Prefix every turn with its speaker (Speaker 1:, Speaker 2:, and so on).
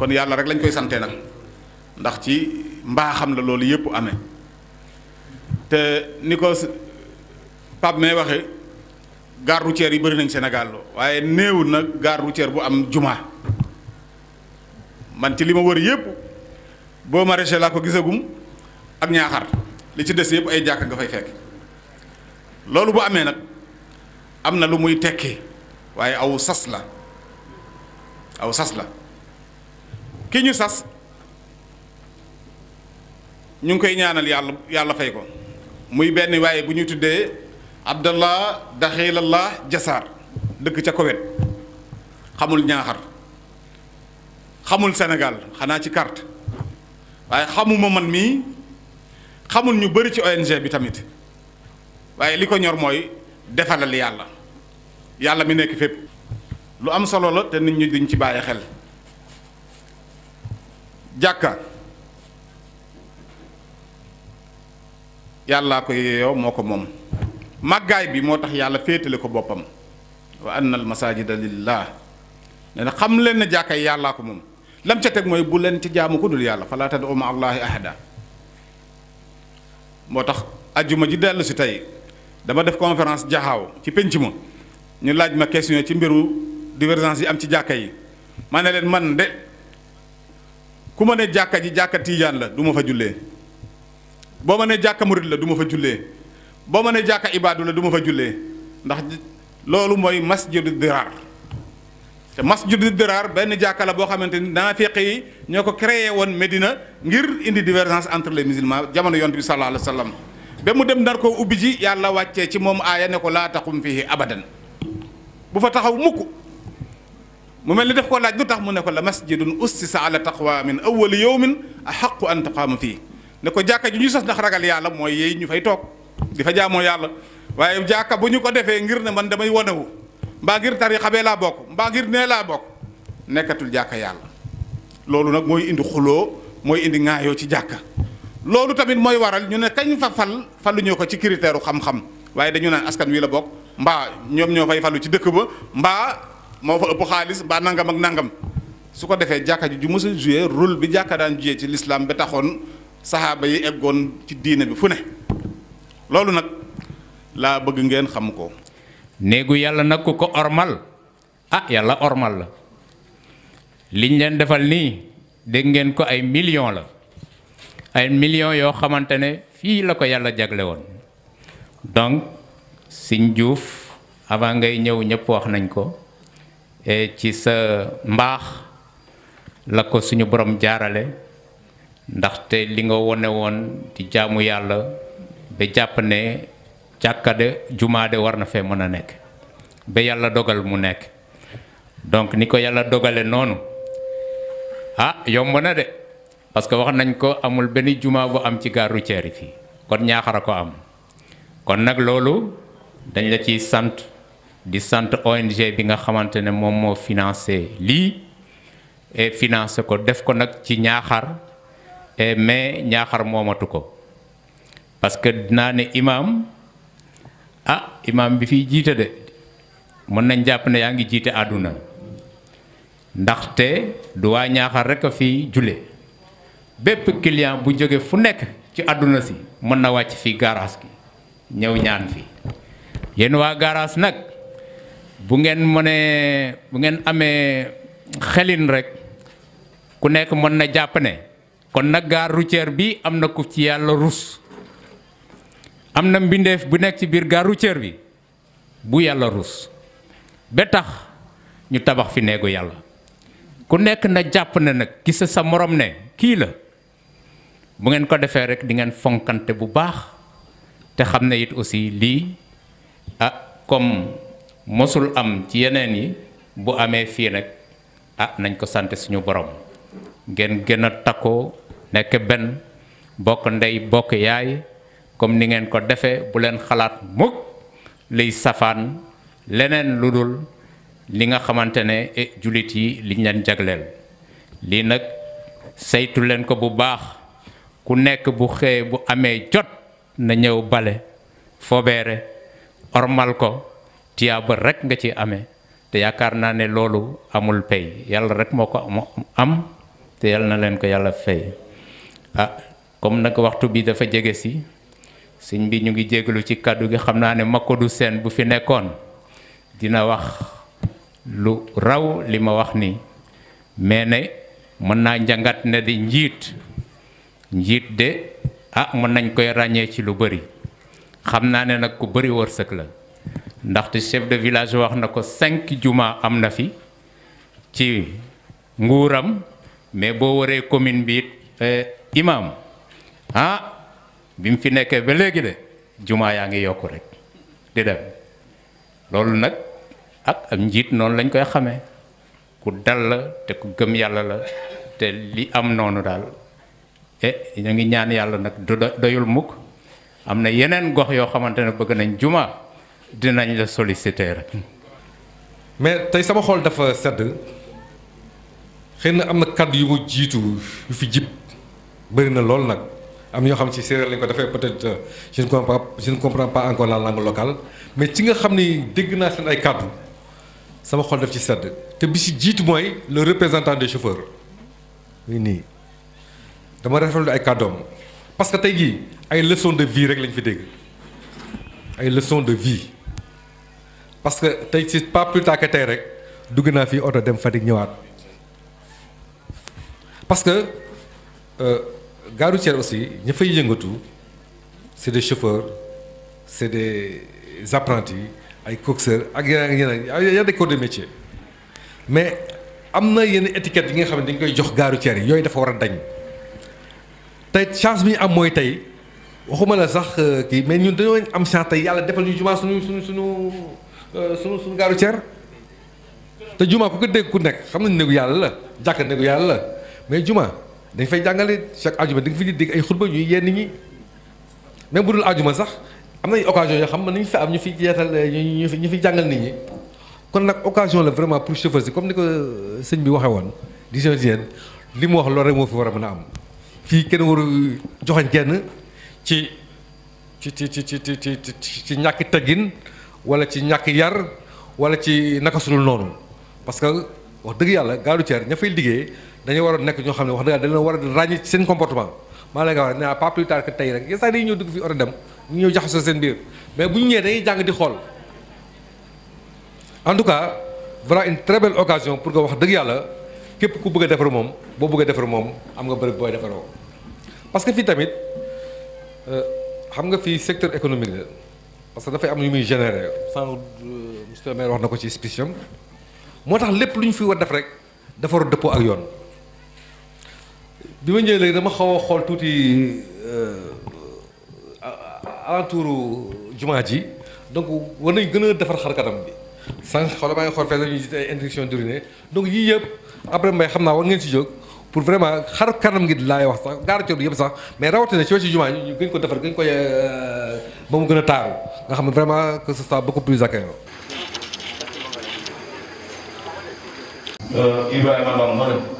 Speaker 1: kon yàlla rek lañ koy sante na ndax ci mbaaxam la loolu yëpp ame
Speaker 2: te ni ko Pape may waxe gare routière yi bari nañ Sénégal waaye néewul na gare routière bu am jumaa man ci li ma wër yépp boo maraîcher laa ko gisagum ak ñaaxar li ci des yëpp ay jàkk nga fay fekk loolu bu amee nag am na lu muy tekki waaye aw sas la aw sas la ki ñu sas ñu ngi koy ñaanal yàlla yàlla ko muy benn waaye bu ñu tuddee abdallah daxilallah jasar dëkk ca Koweït xamul ñaaxar xamul senegal xanaa ci kart waaye xamuma man mii xamul ñu bari ci ONG bi tamit waaye li ko ñor mooy defalal yàlla yàlla mi nekk fépp lu am solo la te nit ñi dañ ci bàyyi xel jàkka yàllaa ko yeeyoo moo ko moom màggaay bi moo tax yàlla féetale ko boppam wa anna al masajida lillah nee na xam leen ne jàkka yi yàllaa ko moom lam ca teg mooy bu leen ci jaamu ko dul yàlla fala tad'u ma allahi ahada moo tax ajjuma ji dellu si tey dama def conférence jaxaaw ci penc ma ñu laaj ma question ci mbiru divergence yi am ci jàkka yi ma ne leen man de ku ma ne jàkka ji jàkka tiijaan la du ma fa jullee boo ma ne jàkka murit la du ma fa jullee boo ma ne jàkka ibaadu la du ma fa jullee ndax loolu mooy masjidu diraar te masjidu diraar benn jàkka la boo xamante ni naafiq yi ñoo ko créé woon médina ngir indi divergence entre les musulmans jamono yonent bi sallallahu alayhi wa sallam mu dem nar koo ubbi yàlla wàccee ci moom aaya ne ko laa taxum fii abadan bu fa taxaw mukk mu mel ni def koo laaj lu tax mu ne ko la masjidun ussisa ala taqwa min awwali yawmin ahaqu an taqaama fii ne ko jàkka ju ñu sos ndax ragal yàlla mooy yey ñu fay toog di fa jaamoo yàlla waaye jàkka bu ñu ko defee ngir ne man damay wonewu mbaa ngir tari bee laa bokk mbaa ngir nee laa bokk nekkatul jàkka yàlla loolu nag mooy indi xuloo mooy indi ŋaayoo ci jàkka loolu tamit mooy waral ñu ne kañ fa fal faluñoo ko ci critère xam-xam waaye dañu naan askan wi la bokk mbaa ñoom ñoo fay falu ci dëkk ba mbaa moo fa ëpp xaalis baa nangam ak nangam su ko defee jàkka ji ju mës a joué bi jàkka daan joué ci lislaam ba taxoon saxaaba yi eggoon ci diine bi fu ne loolu nag laa bëgg ngeen xam ko
Speaker 3: néegu yàlla nag ku ko ormal ah yàlla ormal la liñ leen defal nii dégg ngeen ko ay million la ay millions yoo xamante ne fii la ko yàlla jagle woon donc Sëñ Juuf avant ngay ñëw ñëpp wax nañ ko E ci sa mbaax la ko suñu borom jaarale ndaxte li nga wone woon di jaamu yàlla ba jàpp ne jumaa de war na fee mën a nekk ba yàlla dogal mu nekk donc ni ko yàlla dogale noonu ah yomb na de parce que wax nañ ko amul benn jumaa bu am ci gare routière yi fii kon ñaaxara ko am kon nag loolu dañ la ciy sant di sant ONG bi nga xamante ne moom moo financé lii et financé ko def ko nag ci ñaaxar et mais ñaaxar moomatu ko parce que dinaa ne imaam ah imaam bi fiy jiite de mën nañ jàpp ne yaa ngi jiite àdduna ndaxte du waa ñaaxar rek a fi jule bépp client bu jóge fu nekk ci àdduna si mën na wàcc fii garage gi ñëw ñaan fi yéen waa garage nag. bu ngeen mënee bu ngeen amee xelin rek ku nekk mën na jàpp ne kon nag gare routière bi am na ku ci yàlla ruus am na mbindeef bu nekk ci biir gare routière bi bu yàlla rus ba tax ñu tabax fi néegu yàlla ku nekk na jàpp ne nag gis sa morom ne kii la bu ngeen ko defee rek dingeen fonkante bu baax te xam na it aussi lii a ah, comme mosul am ci yeneen yi bu amee fii nag a ah, nañ ko sant suñu boroom ngeen gën a takkoo nekk benn bokk ndey bokk yaay comme ni ngeen ko defee bu leen xalaat mukk liy safaan leneen lu dul li nga xamante ne eh, jullit yi liñ leen jagleel lii nag saytu leen ko bu baax ku nekk bu xëyee bu amee jot na ñëw bale fobeere ormal ko tiyaaba rekk nga ci ame te yaakaar naa ne loolu amul pay yàlla rek moo ko am te yàlla na leen ko yàlla fay ah comme nag waxtu bi dafa jege si sëñ bi ñu ngi jégalu ci kàddu gi xam naa ne du seen bu fi nekkoon dina wax lu raw li ma wax nii mais ne mën naa njàngat ne di njiit njiit de ah mën nañ koy ràññee ci lu bari xam naa ne nag ku bëri wërsëg la ndaxte chef de village wax na ko cinq juma am na fi ci nguuram mais boo waree commune bi it eh, imam ah bi mu fi nekkee ba léegi de juma yaa ngi yokk rek di dem loolu nag ak am njiit noonu lañ koy xamee ku dal la te ku gëm yàlla la te li am noonu daal eh ñu ngi ñaan yàlla nag doyul mukk am na yeneen gox yoo xamante ne bëgg nañ juma dinañ la solliciter rek.
Speaker 1: mais tey sama xol dafa sedd xëy na am na kàddu yu mu jiitu yu fi jib bëri na lool nag am ñoo xam ci séeréer lañ ko defee peut-être euh, je ne comprends pas je pas encore la langue locale mais ci nga xam ni dégg naa seen ay kàddu sama xol daf ci sedd te bi si jiitu mooy le représentant des chauffeurs muy nii dama rafetlu ay kàddoom parce que tey jii ay leçons de vie rek lañ fi dégg ay leçons de vie. parce que tey ci pas plus tard que tey rek dugg naa fii oto dem Fatick ñëwaat parce que euh, gare routière aussi ña fay yëngatu c'est des chauffeurs c'est des apprentis ay coxeurs ak yeneen yeneen y a des de métier mais am na yenn étiquettes yi nga xam ne dañ koy jox gare routière yi yooyu dafa war a dañ tey chance bi ñu am mooy tey waxuma la sax euh, kii mais ñu dañoo am chance tey yàlla defal ñu jumaa suñu suñu suñu. Euh, sunu sunu gaaru cer te juma ku ko dégg ku nekk xam nañ néegu yàlla la jàkka néegu yàlla la mais juma dañ fay jàngale chaque ajuma di nga fi di dégg ay xutba ñuy yenn ñi même bu dul ajuma sax am nañ occasion yoo xam ne nañ fi am ñu fi yeetal ñu fi ñu fi jàngal nit ñi kon nag occasion la vraiment pour chauffeur si comme ni ko euh, sëñ bi waxee woon di yéen li mu wax loolu rek moo fi war a mën a am fii kenn waru joxañ kenn ci ci ci ci ci ci ci ñàkk teggin wala ci ñàkk yar wala ci naka sudul noonu parce que wax dëgg yàlla gaalu routière ña fay liggéey dañu war nekk ñoo xam ne wax dëgg yàlla dañu war a ràññi ci seen comportement maa la nga wax ne pas plus tard que tey rek yenn saa yi ñëw dugg fi oto dem ñu ñëw jaxasoo seen biir mais bu ñu ñëwee dañuy jàng di xool en tout cas voilà une très belle occasion pour nga wax dëgg yàlla képp ku bëgg defar moom boo bëgg defar moom am nga bërëb booy defaroo parce que fii tamit euh, xam nga fii secteur économique la parce que dafay am yu muy généré sànq euh, monsieur maire wax na ko ci speech moo tax lépp lu ñu fi war def rek dafa war dëppoo ak yoon bi ma ñëwee léegi dama xaw a xool tuuti euh, alentour jumaa ji donc war nañ gën a defar xar kanam bi sànq xoolal maa ngi xool fee ñu gis ay donc yii yëpp après mbay xam naa war ngeen si jóg pour vraiment xar kanam gi laay wax sax gaara coob bi yëpp sax mais rawatina ci wàccu jumaa ji ñu gën ko defar gën ko euh, ba mu gën a taaru nga xam ne vraiment que ce soit beaucoup plus accueillant. Euh, Ibrahima Ndong